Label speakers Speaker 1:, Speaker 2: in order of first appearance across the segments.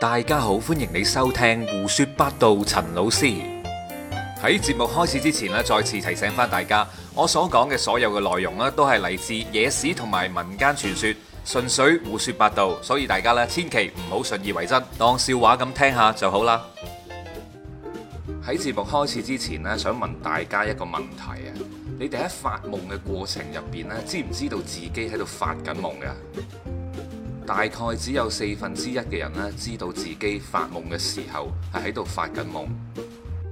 Speaker 1: 大家好，歡迎你收聽胡說八道。陳老師喺節目開始之前咧，再次提醒翻大家，我所講嘅所有嘅內容咧，都係嚟自野史同埋民間傳說，純粹胡說八道，所以大家咧千祈唔好信以為真，當笑話咁聽下就好啦。喺節目開始之前咧，想問大家一個問題啊：你哋喺發夢嘅過程入邊咧，知唔知道自己喺度發緊夢噶？大概只有四分之一嘅人呢，知道自己發夢嘅時候係喺度發緊夢。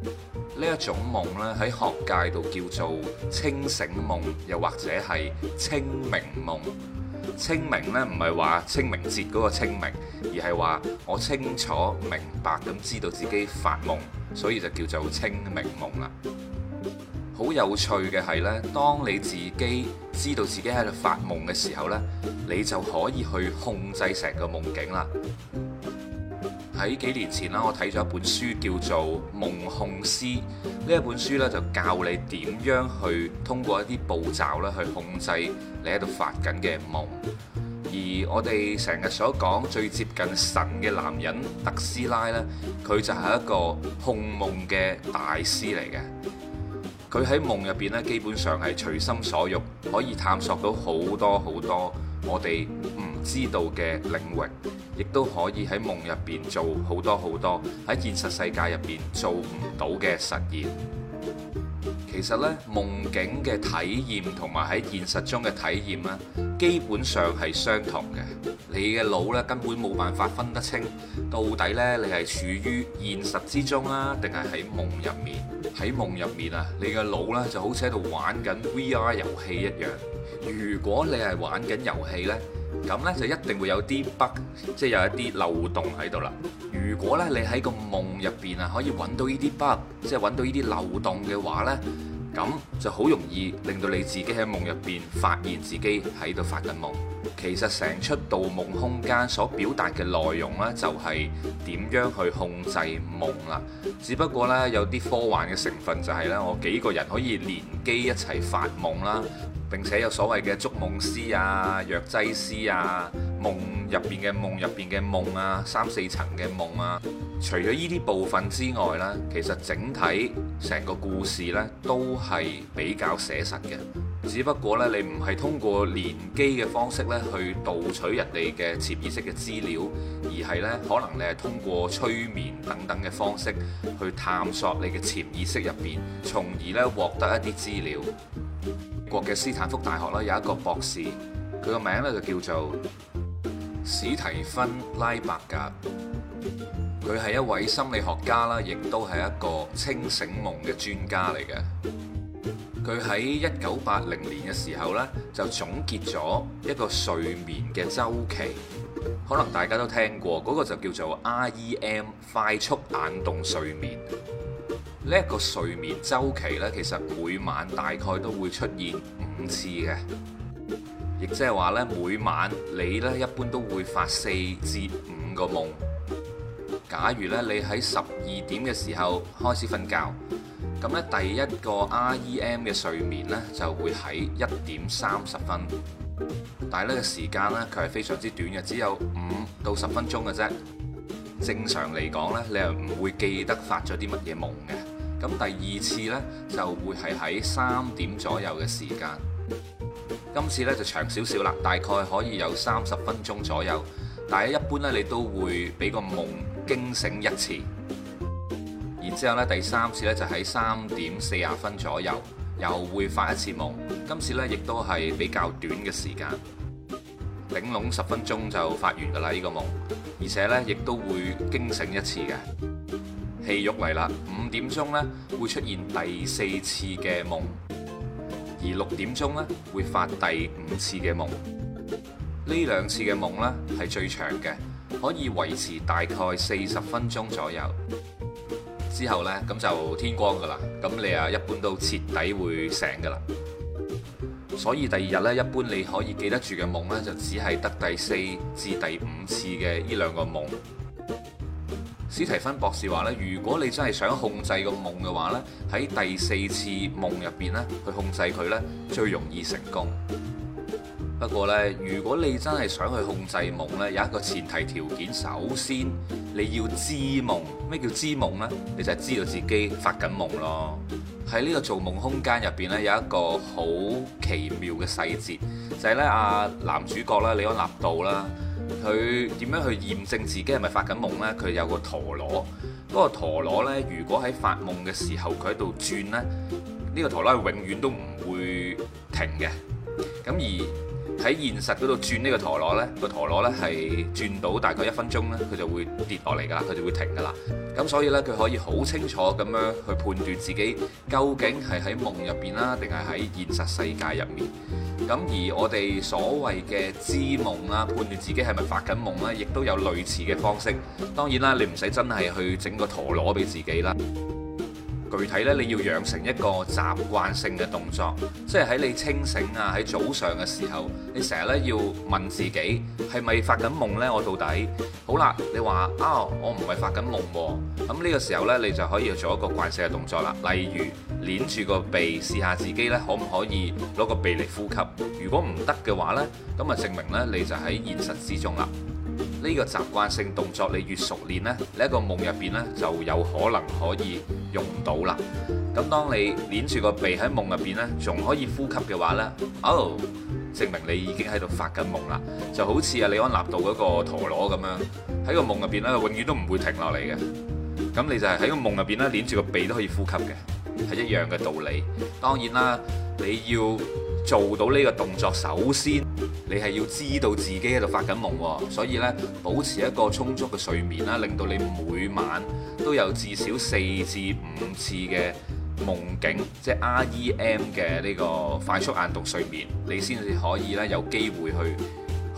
Speaker 1: 呢一種夢呢，喺學界度叫做清醒夢，又或者係清明夢。清明呢，唔係話清明節嗰個清明，而係話我清楚明白咁知道自己發夢，所以就叫做清明夢啦。好有趣嘅係呢，當你自己知道自己喺度發夢嘅時候呢，你就可以去控制成個夢境啦。喺幾年前啦，我睇咗一本書叫做《夢控師》，呢一本書呢就教你點樣去通過一啲步驟咧去控制你喺度發緊嘅夢。而我哋成日所講最接近神嘅男人特斯拉呢，佢就係一個控夢嘅大師嚟嘅。佢喺夢入邊咧，面基本上係隨心所欲，可以探索到好多好多我哋唔知道嘅領域，亦都可以喺夢入邊做好多好多喺現實世界入邊做唔到嘅實驗。其實咧，夢境嘅體驗同埋喺現實中嘅體驗咧，基本上係相同嘅。你嘅腦咧根本冇辦法分得清，到底咧你係處於現實之中呀，定係喺夢入面。喺夢入面啊，你嘅腦呢就好似喺度玩緊 VR 遊戲一樣。如果你係玩緊遊戲呢，咁呢就一定會有啲 bug，即係有一啲漏洞喺度啦。如果呢，你喺個夢入邊啊，可以揾到呢啲 bug，即係揾到呢啲漏洞嘅話呢。咁就好容易令到你自己喺夢入邊發現自己喺度發緊夢。其實成出《盜夢空間》所表達嘅內容呢，就係點樣去控制夢啦。只不過呢，有啲科幻嘅成分就係呢：我幾個人可以連機一齊發夢啦。並且有所謂嘅捉夢師啊、藥劑師啊、夢入邊嘅夢入邊嘅夢啊、三四層嘅夢啊。除咗依啲部分之外呢，其實整體成個故事呢都係比較寫實嘅。只不過呢，你唔係通過連機嘅方式呢去盜取人哋嘅潛意識嘅資料，而係呢，可能你係通過催眠等等嘅方式去探索你嘅潛意識入邊，從而呢獲得一啲資料。國嘅斯坦福大學啦，有一個博士，佢個名咧就叫做史提芬拉伯格，佢係一位心理學家啦，亦都係一個清醒夢嘅專家嚟嘅。佢喺一九八零年嘅時候咧，就總結咗一個睡眠嘅周期，可能大家都聽過嗰個，就叫做 R E M 快速眼動睡眠。呢一個睡眠周期呢，其實每晚大概都會出現五次嘅，亦即係話呢每晚你呢一般都會發四至五個夢。假如呢，你喺十二點嘅時候開始瞓覺，咁呢第一個 REM 嘅睡眠呢就會喺一點三十分，但係呢個時間呢，佢係非常之短嘅，只有五到十分鐘嘅啫。正常嚟講呢，你係唔會記得發咗啲乜嘢夢嘅。咁第二次呢，就會係喺三點左右嘅時間，今次呢，就長少少啦，大概可以有三十分鐘左右。但係一般呢，你都會俾個夢驚醒一次。然之後呢，第三次呢，就喺三點四十分左右，又會發一次夢。今次呢，亦都係比較短嘅時間，頂籠十分鐘就發完㗎啦呢個夢，而且呢，亦都會驚醒一次嘅。氣欲嚟啦，五點鐘呢，會出現第四次嘅夢，而六點鐘呢，會發第五次嘅夢。呢兩次嘅夢呢，係最長嘅，可以維持大概四十分鐘左右。之後呢，咁就天光噶啦，咁你啊一般都徹底會醒噶啦。所以第二日呢，一般你可以記得住嘅夢呢，就只係得第四至第五次嘅呢兩個夢。史提芬博士話咧：如果你真係想控制個夢嘅話咧，喺第四次夢入邊咧，去控制佢咧，最容易成功。不過咧，如果你真係想去控制夢咧，有一個前提條件，首先你要知夢。咩叫知夢咧？你就係知道自己發緊夢咯。喺呢個盜夢空間入邊咧，有一個好奇妙嘅細節，就係咧，阿男主角啦，李安納度啦。佢點樣去驗證自己係咪發緊夢呢？佢有個陀螺，嗰個陀螺呢，如果喺發夢嘅時候佢喺度轉呢，呢個陀螺係永遠都唔會停嘅。咁而喺現實嗰度轉呢個陀螺呢，呢個陀螺呢，係轉到大概一分鐘呢，佢就會跌落嚟噶啦，佢就會停噶啦。咁所以呢，佢可以好清楚咁樣去判斷自己究竟係喺夢入邊啦，定係喺現實世界入面。咁而我哋所謂嘅知夢啦，判斷自己係咪發緊夢啦，亦都有類似嘅方式。當然啦，你唔使真係去整個陀螺俾自己啦。具體咧，你要養成一個習慣性嘅動作，即係喺你清醒啊，喺早上嘅時候，你成日咧要問自己係咪發緊夢呢？我到底好啦，你話啊、哦，我唔係發緊夢喎。咁、這、呢個時候呢，你就可以做一個慣性嘅動作啦。例如捏住個鼻試下自己呢，可唔可以攞個鼻嚟呼吸？如果唔得嘅話呢，咁啊證明呢，你就喺現實之中啦。呢個習慣性動作，你越熟練呢，你一個夢入邊呢，就有可能可以用到啦。咁當你捏住個鼻喺夢入邊呢，仲可以呼吸嘅話呢，哦，證明你已經喺度發緊夢啦。就好似阿李安納度嗰個陀螺咁樣，喺個夢入邊呢，永遠都唔會停落嚟嘅。咁你就係喺個夢入邊呢，捏住個鼻都可以呼吸嘅，係一樣嘅道理。當然啦，你要。做到呢個動作，首先你係要知道自己喺度發緊夢喎，所以呢，保持一個充足嘅睡眠啦，令到你每晚都有至少四至五次嘅夢境，即係 R E M 嘅呢個快速眼動睡眠，你先至可以呢，有機會去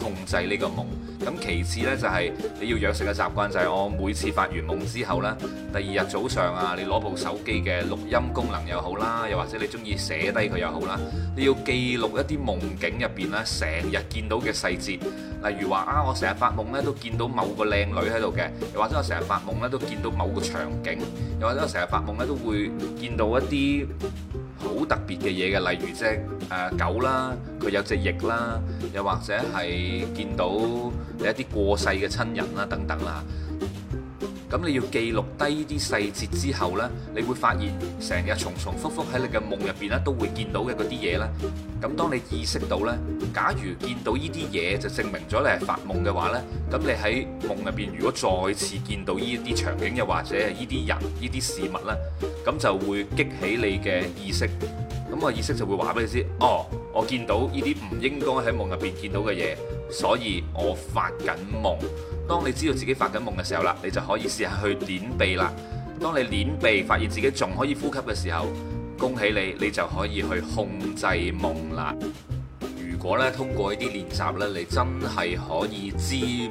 Speaker 1: 控制呢個夢，咁其次呢，就係你要養成嘅習慣就係我每次發完夢之後呢，第二日早上啊，你攞部手機嘅錄音功能又好啦，又或者你中意寫低佢又好啦，你要記錄一啲夢境入邊咧，成日見到嘅細節，例如話啊，我成日發夢呢都見到某個靚女喺度嘅，又或者我成日發夢呢都見到某個場景，又或者我成日發夢呢都會見到一啲。好特別嘅嘢嘅，例如即係，呃、狗啦，佢有隻翼啦，又或者係見到有一啲過世嘅親人啦，等等啦。咁你要記錄低呢啲細節之後呢，你會發現成日重重復復喺你嘅夢入邊咧都會見到嘅嗰啲嘢咧。咁當你意識到呢，假如見到呢啲嘢就證明咗你係發夢嘅話呢，咁你喺夢入邊如果再次見到呢啲場景又或者係呢啲人呢啲事物呢，咁就會激起你嘅意識。咁啊意識就會話俾你知，哦，我見到呢啲唔應該喺夢入邊見到嘅嘢，所以我發緊夢。當你知道自己發緊夢嘅時候啦，你就可以試下去點鼻啦。當你點鼻發現自己仲可以呼吸嘅時候，恭喜你，你就可以去控制夢啦。如果呢通過呢啲練習呢，你真係可以知夢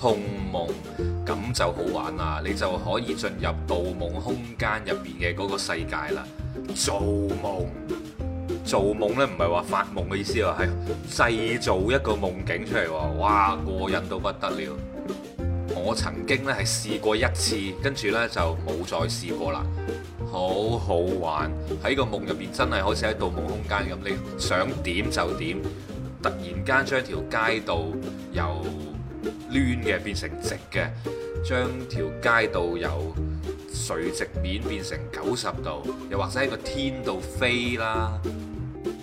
Speaker 1: 控夢，咁就好玩啦。你就可以進入盜夢空間入面嘅嗰個世界啦，造夢。做夢咧，唔係話發夢嘅意思喎，係製造一個夢境出嚟喎。哇，過癮到不得了！我曾經呢，係試過一次，跟住呢，就冇再試過啦。好好玩，喺個夢入邊，真係好似喺《盜夢空間》咁，你想點就點。突然間將條街道由攣嘅變成直嘅，將條街道由垂直面變成九十度，又或者喺個天度飛啦～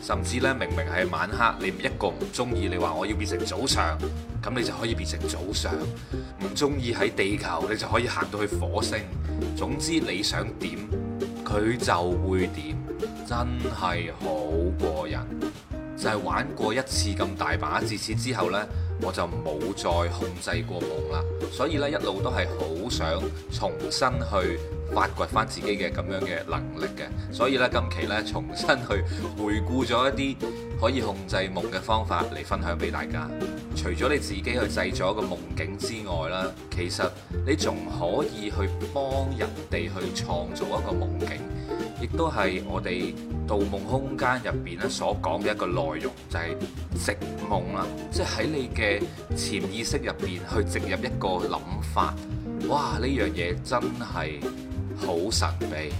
Speaker 1: 甚至咧，明明係晚黑，你一個唔中意，你話我要變成早上，咁你就可以變成早上。唔中意喺地球，你就可以行到去火星。總之你想點，佢就會點，真係好過癮。就係玩過一次咁大把，自此之後呢，我就冇再控制過夢啦，所以咧一路都係好想重新去發掘翻自己嘅咁樣嘅能力嘅，所以咧今期咧重新去回顧咗一啲可以控制夢嘅方法嚟分享俾大家。除咗你自己去製作一個夢境之外啦，其實你仲可以去幫人哋去創造一個夢境。亦都係我哋《盜夢空間》入邊咧所講嘅一個內容，就係植夢啦，即係喺你嘅潛意識入邊去植入一個諗法，哇！呢樣嘢真係好神秘。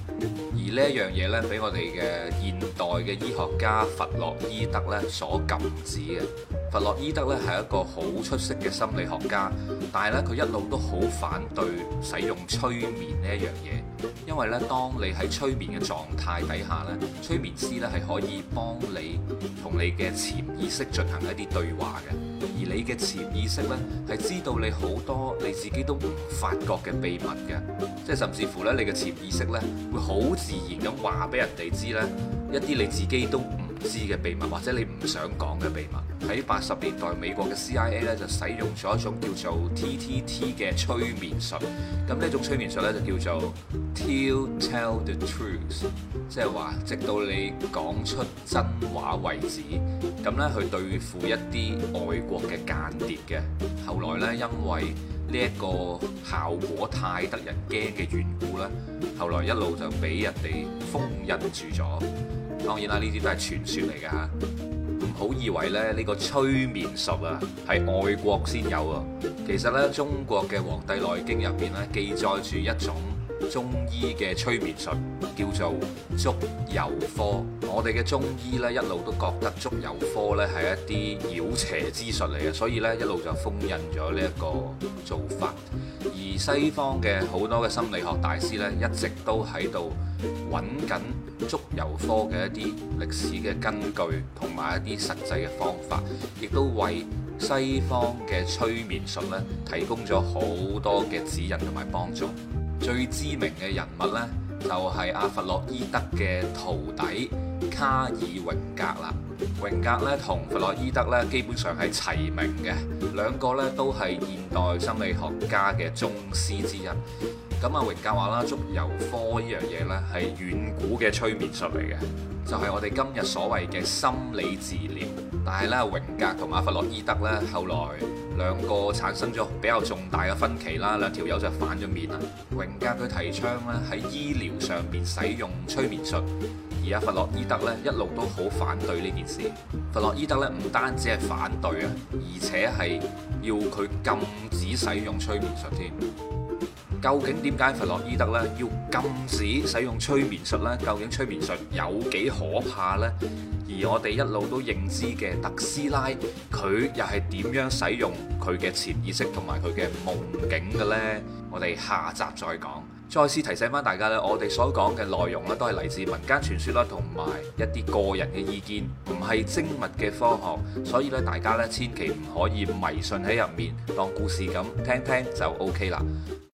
Speaker 1: 而呢一樣嘢呢，俾我哋嘅現代嘅醫學家弗洛伊德呢所禁止嘅。弗洛伊德呢係一個好出色嘅心理學家，但係呢，佢一路都好反對使用催眠呢一樣嘢，因為呢，當你喺催眠嘅狀態底下呢，催眠師呢係可以幫你同你嘅潛意識進行一啲對話嘅。而你嘅潛意識呢，係知道你好多你自己都唔發覺嘅秘密嘅，即係甚至乎呢，你嘅潛意識呢會好自然咁話俾人哋知呢，一啲你自己都知嘅秘密，或者你唔想講嘅秘密，喺八十年代美國嘅 CIA 咧就使用咗一種叫做 TTT 嘅催眠術。咁呢一種催眠術咧就叫做 Till Tell the Truth，即係話直到你講出真話為止。咁咧去對付一啲外國嘅間諜嘅。後來咧因為呢一個效果太得人驚嘅緣故咧，後來一路就俾人哋封印住咗。當然啦，呢啲都係傳說嚟嘅嚇，唔好以為咧呢個催眠術啊係外國先有啊，其實呢，中國嘅《黃帝內經》入面咧記載住一種。中醫嘅催眠術叫做祝由科，我哋嘅中醫呢一路都覺得祝由科呢係一啲妖邪之術嚟嘅，所以呢一路就封印咗呢一個做法。而西方嘅好多嘅心理學大師呢一直都喺度揾緊祝由科嘅一啲歷史嘅根據同埋一啲實際嘅方法，亦都為西方嘅催眠術呢提供咗好多嘅指引同埋幫助。最知名嘅人物呢，就係阿弗洛伊德嘅徒弟卡爾榮格啦。榮格呢，同弗洛伊德呢，基本上係齊名嘅，兩個呢，都係現代心理學家嘅宗師之一。咁阿榮格話啦，足油科呢樣嘢呢，係遠古嘅催眠術嚟嘅，就係、是、我哋今日所謂嘅心理治療。但係呢，榮格同阿弗洛伊德呢，後來。兩個產生咗比較重大嘅分歧啦，兩條友就反咗面啦。榮格佢提倡咧，喺醫療上邊使用催眠術，而家弗洛伊德咧一路都好反對呢件事。弗洛伊德咧唔單止係反對啊，而且係要佢禁止使用催眠術添。究竟點解弗洛伊德呢要禁止使用催眠術呢？究竟催眠術有幾可怕呢？而我哋一路都認知嘅特斯拉，佢又係點樣使用佢嘅潛意識同埋佢嘅夢境嘅呢？我哋下集再講。再次提醒返大家呢，我哋所講嘅內容呢都係嚟自民間傳說啦，同埋一啲個人嘅意見，唔係精密嘅科學，所以咧大家呢千祈唔可以迷信喺入面，當故事咁聽聽就 OK 啦。